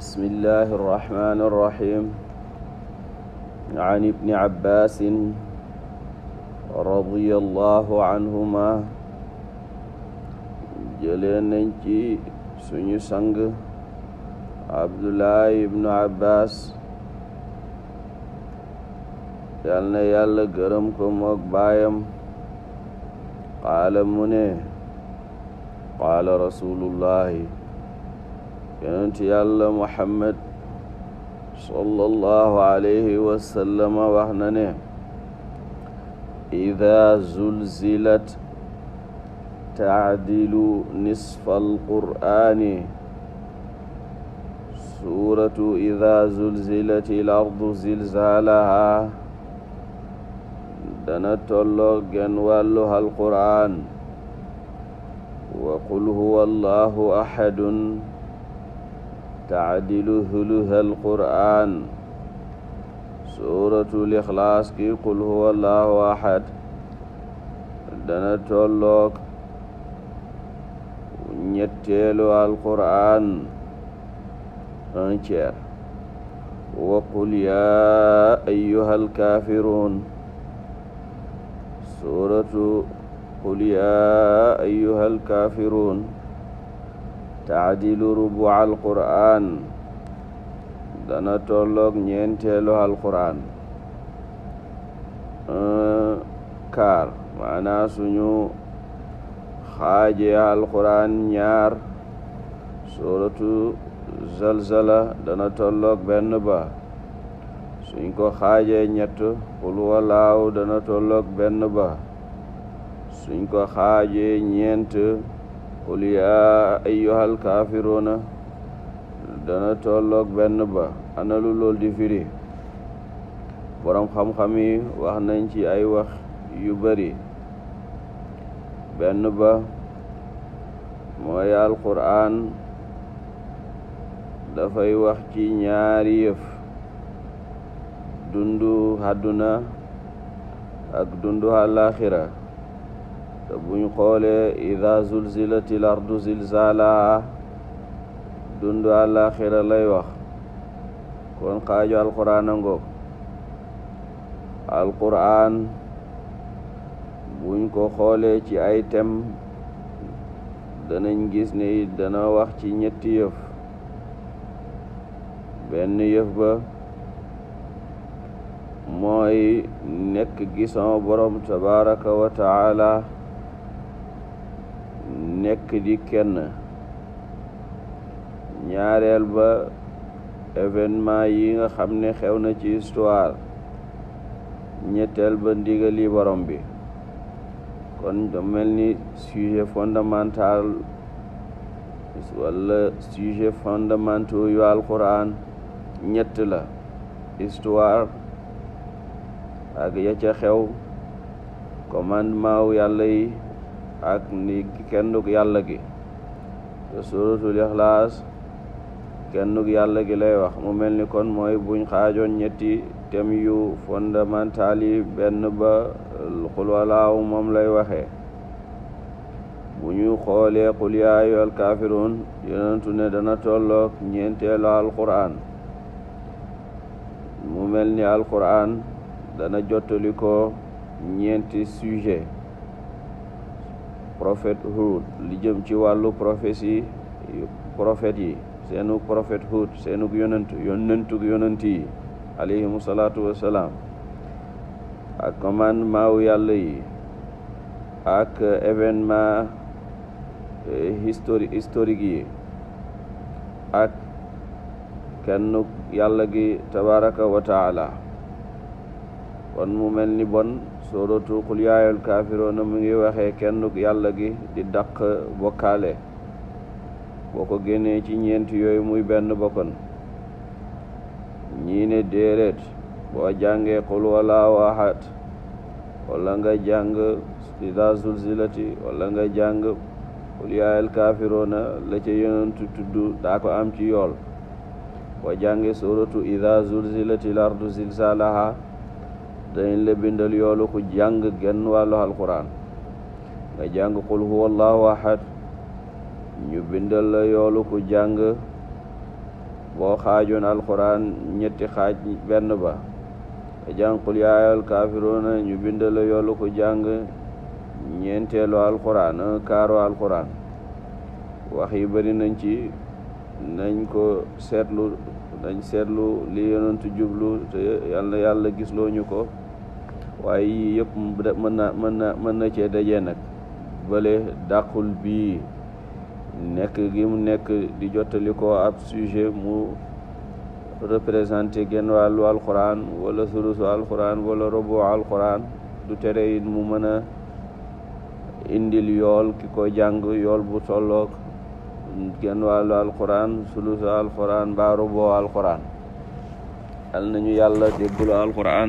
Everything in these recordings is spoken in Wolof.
بسم الله الرحمن الرحيم عن ابن عباس رضي الله عنهما jëlee nañ ci suñu sang Abdullahi ibnu Abbas yal na yàlla gërëm ko moog baayam qaala mu ne qaala rasulullahi yonent yàlla muhammad sallallahu alayhi wa sallama wax na ne ida zulzilat taadilu nisfa alqur'ani suratu ida zulzilat il ardu zilzaalaha dana tolloo genn wàllu alqur'an wa qul huwa allahu ahadun taadilu huluha alquran suuratul ixlaas ki qul huwa allahu ahad dana tolloog ñetteelu alquran un tiers wa qul yaa ayyuha alkaafiruun suuratu qul yaa ayyuha alkaafiruun taadilu rubu alquran dana tollook ñeenteelu alquran kaar maanaa suñu xaajee alquran ñaar suratu zalzala dana tollook benn ba suñ ko xaajee ñett xul walaaw dana tollook benn ba suñ ko xaajee ñeent qul yaa ayyuhal kaafiruuna dana tolloog benn ba ana lu lool di firi boroom xam-xam wax nañ ci ay wax yu bari benn ba mooy alquraan dafay wax ci ñaari yëf dundu àdduna ak dundu àllaaxira te bu ñu xoolee ida zulzilatil ardu zilzalaha dundu àllaaxira lay wax kon xaaju alquran a ngoog alquran buñ ko xoolee ci ay tem danañ gis ne dana wax ci ñetti yëf benn yëf ba mooy nekk gisoo borom tabaraka wa taala nekk di kenn ñaareel ba événement yi nga xam ne xew na ci histoire ñetteel ba ndigali borom bi kon da mel ni sujet fondamental wala sujet fondamentaux yu alquran ñett la histoire ak ya ca xew commandement wu yàlla yi ak ni kennug yàlla gi te suratul kennug yàlla gi wax mu mel ni kon mooy buñ xaajoon ñetti thème yu fondamental benn ba xulwalaaw moom lay waxee bu ñu xoolee xul yaayu ne dana tolloog ñeenteelu alquran mu mel ni alquran dana jottali ko ñeenti sujet prophethood li jëm ci wàllu prophétie prophète yi seenug prophethood seenug yonent yonentug yonent yi salaatu wassalaam ak commandement wu yàlla yi ak événement eh, histori historique yi ak kenn yàlla gi tabaraka wa kon mu mel ni bon sóoratu qul kaafiroona mu ngi waxee kenn yàlla gi di dàq bokkaale boo ko génnee ci ñeent yooyu muy benn bokkan ñii ne déeréet boo jàngee qul walaahu ahad wala nga jàng idaa zulzilati wala nga jàng qul kaafiroona la ca yonentu tudd daa ci yool boo jàngee sóoratu idaa zulzilati lardu zilzaalaha dañ la bindal yoolu ku jàng genn wàllu alquran nga jàng qul huwa allahu ahad ñu bindal yoolu ku jàng boo xaajoon alquran ñetti xaaj benn ba nga jàng qul yaa ayyuhal ñu bindal yoolu ku jàng ñeenteelu alquran kaaru alquran wax yi bari nañ ci nañ ko seetlu dañ seetlu li yonentu jublu te yàlla yàlla gisloo ñu ko waaye yii yëpp mën na mën na mën na cee dajee nag bale dàqul bii nekk gi mu nekk di jottali ko ab sujet mu représenté genn wàllu alquran wala surusu alquran wala robo alquran du tere it mu mën a indil yool ki ko jàng yool bu tolloog genn wàllu alquran sulusu alquran mbaa rubo alquran yal nañu yàlla dégglu alquran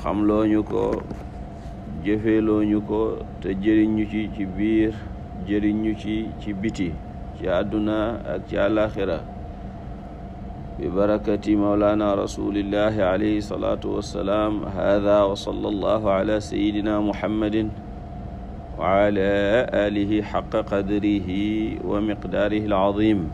xamloo ñu ko jëfeloo ñu ko te jëriñ ci ci biir jëriñ ci ci biti ci àdduna ak ci àlaxira bi barakati maulana rasulillahi alayhi salaatu wassalaam hada wa ala alihi xaqa qadrihi wa miqdaarihi al-aziim